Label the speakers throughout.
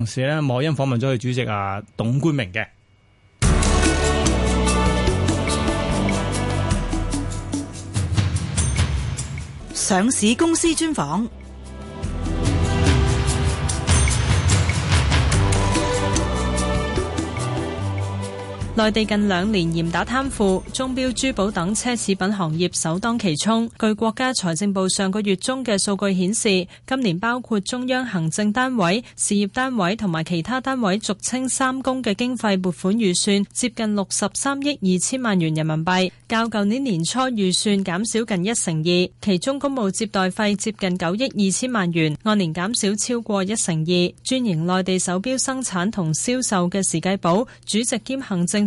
Speaker 1: 同時咧，莫茵訪問咗佢主席啊，董觀明嘅
Speaker 2: 上市公司專訪。內地近兩年嚴打貪腐，鐘錶、珠寶等奢侈品行業首當其衝。據國家財政部上個月中嘅數據顯示，今年包括中央行政單位、事業單位同埋其他單位，俗稱三公嘅經費撥款預算接近六十三億二千萬元人民幣，較舊年年初預算減少近一成二。其中公務接待費接近九億二千萬元，按年減少超過一成二。專營內地手錶生產同銷售嘅時計寶主席兼行政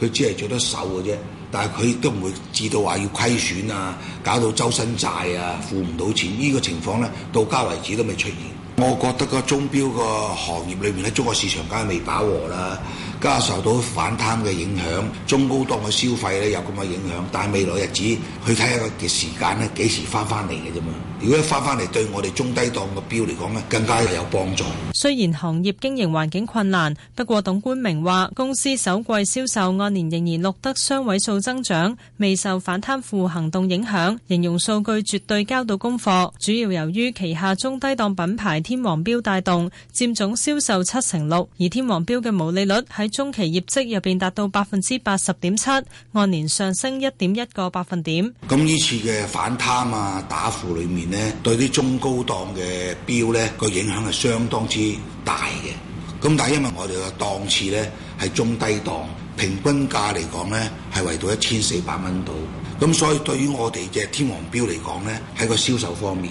Speaker 1: 佢只係做得少嘅啫，但係佢都唔會至到話要虧損啊，搞到周身債啊，付唔到錢。呢個情況咧，到家為止都未出現。我覺得個鐘錶個行業裏面咧，中國市場梗係未飽和啦，加上受到反貪嘅影響，中高檔嘅消費咧，有咁嘅影響，但係未來日子去睇下個嘅時間咧，幾時翻翻嚟嘅啫嘛。如果一翻翻嚟，對我哋中低檔嘅表嚟講呢，更加有幫助。
Speaker 2: 雖然行業經營環境困難，不過董觀明話公司首季銷售按年仍然錄得雙位數增長，未受反貪腐行動影響，形容數據絕對交到功課。主要由於旗下中低檔品牌天王表帶動，佔總銷售七成六，而天王表嘅毛利率喺中期業績入邊達到百分之八十點七，按年上升一點一個百分點。
Speaker 1: 咁呢次嘅反貪啊，打腐裡面。對啲中高檔嘅表咧個影響係相當之大嘅，咁但係因為我哋嘅檔次咧係中低檔，平均價嚟講咧係為到一千四百蚊度，咁所以對於我哋嘅天王表嚟講咧喺個銷售方面。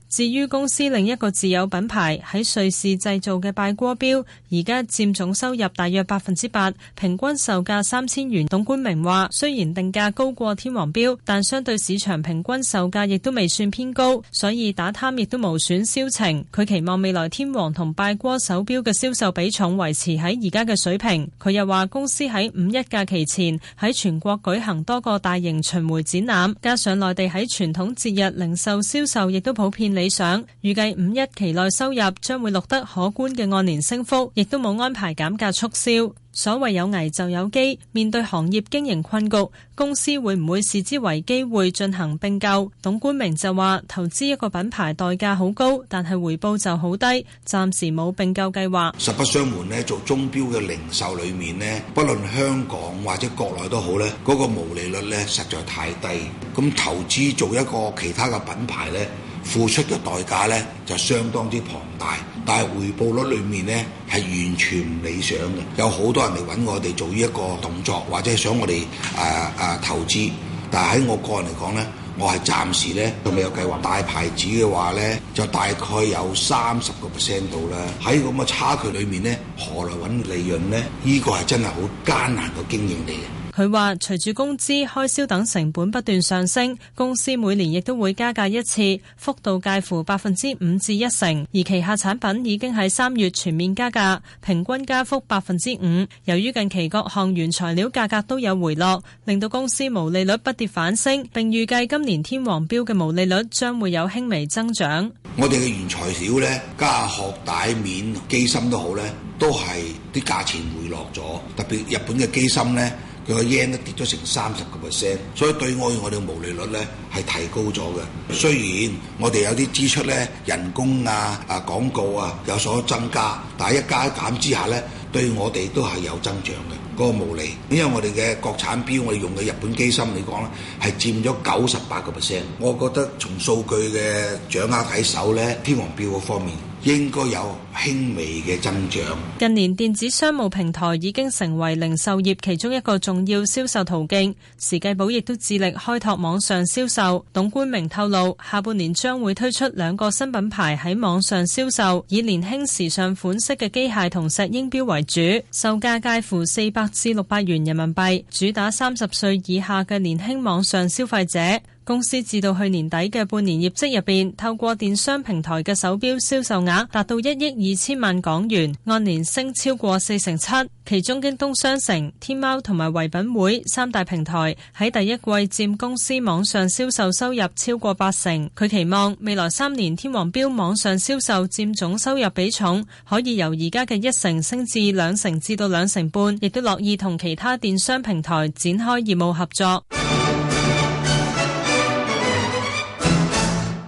Speaker 2: 至於公司另一個自有品牌喺瑞士製造嘅拜哥錶，而家佔總收入大約百分之八，平均售價三千元。董觀明話：雖然定價高過天王錶，但相對市場平均售價亦都未算偏高，所以打貪亦都無損銷情。佢期望未來天王同拜哥手錶嘅銷售比重維持喺而家嘅水平。佢又話：公司喺五一假期前喺全國舉行多個大型巡迴展覽，加上內地喺傳統節日零售銷售亦都普遍理想預計五一期內收入將會錄得可觀嘅按年升幅，亦都冇安排減價促銷。所謂有危就有機，面對行業經營困局，公司會唔會視之為機會進行並購？董觀明就話：投資一個品牌代價好高，但係回報就好低，暫時冇並購計劃。
Speaker 1: 實不相瞞，呢做鐘錶嘅零售裏面呢，不論香港或者國內都好呢，嗰、嗰個毛利率呢實在太低，咁投資做一個其他嘅品牌呢。付出嘅代價呢就相當之龐大，但係回報率裡面呢係完全唔理想嘅。有好多人嚟揾我哋做呢一個動作，或者係想我哋誒誒投資。但係喺我個人嚟講呢，我係暫時呢，仲未有計劃。大牌子嘅話呢，就大概有三十個 percent 到啦。喺咁嘅差距裡面呢，何來揾利潤呢？呢個係真係好艱難個經營嚟嘅。
Speaker 2: 佢話：隨住工資、開銷等成本不斷上升，公司每年亦都會加價一次，幅度介乎百分之五至一成。而旗下產品已經喺三月全面加價，平均加幅百分之五。由於近期各項原材料價格都有回落，令到公司毛利率不跌反升。並預計今年天王表嘅毛利率將會有輕微增長。
Speaker 1: 我哋嘅原材料呢，加殼、帶面、機芯都好呢，都係啲價錢回落咗，特別日本嘅機芯呢。個 yen 都跌咗成三十個 percent，所以對我我哋毛利率咧係提高咗嘅。雖然我哋有啲支出咧，人工啊啊廣告啊有所增加，但係一加一減之下咧，對我哋都係有增長嘅嗰、那個毛利。因為我哋嘅國產表我哋用嘅日本機芯嚟講咧，係佔咗九十八個 percent。我覺得從數據嘅掌握睇手咧，天王表嗰方面應該有。輕微嘅增長。
Speaker 2: 近年電子商務平台已經成為零售業其中一個重要銷售途徑。時計寶亦都致力開拓網上銷售。董觀明透露，下半年將會推出兩個新品牌喺網上銷售，以年輕時尚款式嘅機械同石英錶為主，售價介乎四百至六百元人民幣，主打三十歲以下嘅年輕網上消費者。公司至到去年底嘅半年業績入邊，透過電商平台嘅手錶銷售額達到一億二千萬港元，按年升超過四成七。其中，京東商城、天貓同埋唯品會三大平台喺第一季佔公司網上銷售收入超過八成。佢期望未來三年，天王錶網上銷售佔總收入比重可以由而家嘅一成升至兩成至到兩成半，亦都樂意同其他電商平台展開業務合作。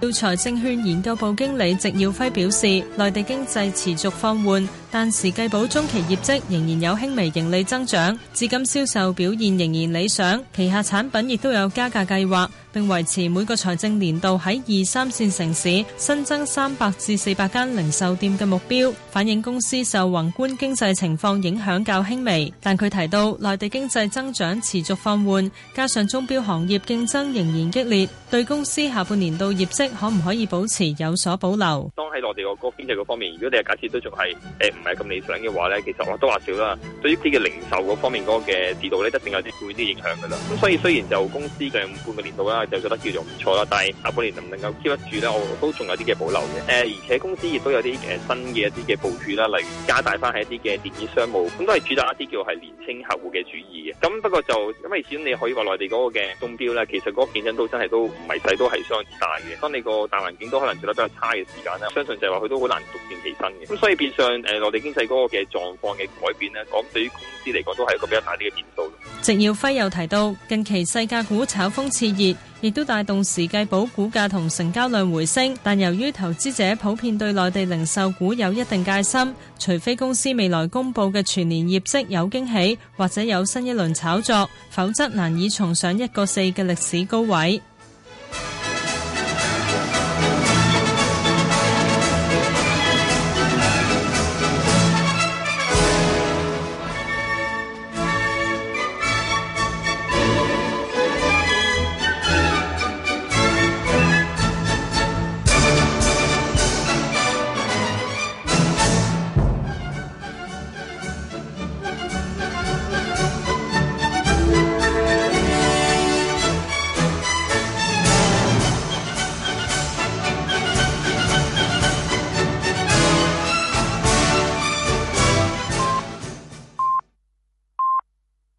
Speaker 2: 耀才證券研究部經理植耀輝表示，內地經濟持續放緩，但時計寶中期業績仍然有輕微盈利增長，至今銷售表現仍然理想，旗下產品亦都有加價計劃。並維持每個財政年度喺二三線城市新增三百至四百間零售店嘅目標，反映公司受宏觀經濟情況影響較輕微。但佢提到內地經濟增長持續放緩，加上鐘錶行業競爭仍然激烈，對公司下半年度業績可唔可以保持有所保留。
Speaker 1: 當喺內地個經濟嗰方面，如果你嘅假設都仲係誒唔係咁理想嘅話咧，其實我都話少啦。對於啲嘅零售嗰方面嗰個嘅指導咧，一定有啲會啲影響噶啦。咁所以雖然就公司上半個年度啦。就覺得叫做唔錯啦，但係下半年能唔能夠 keep 得住咧，我都仲有啲嘅保留嘅。誒、呃，而且公司亦都有啲誒、呃、新嘅一啲嘅部署啦，例如加大翻喺一啲嘅電子商務，咁都係主打一啲叫係年輕客戶嘅主意嘅。咁不過就因為始終你可以話內地嗰個嘅鐘錶咧，其實嗰個競爭都真係都唔係細，都係相當之大嘅。當你個大環境都可能做得比較差嘅時間啦，相信就係話佢都好難獨善其身嘅。咁所以變相誒、呃、內地經濟嗰個嘅狀況嘅改變咧，講對於公司嚟講都係一個比較大啲嘅變數。
Speaker 2: 鄭耀輝又提到，近期世界股炒風熾熱，亦都帶動時計寶股價同成交量回升。但由於投資者普遍對內地零售股有一定戒心，除非公司未來公布嘅全年業績有驚喜，或者有新一輪炒作，否則難以重上一個四嘅歷史高位。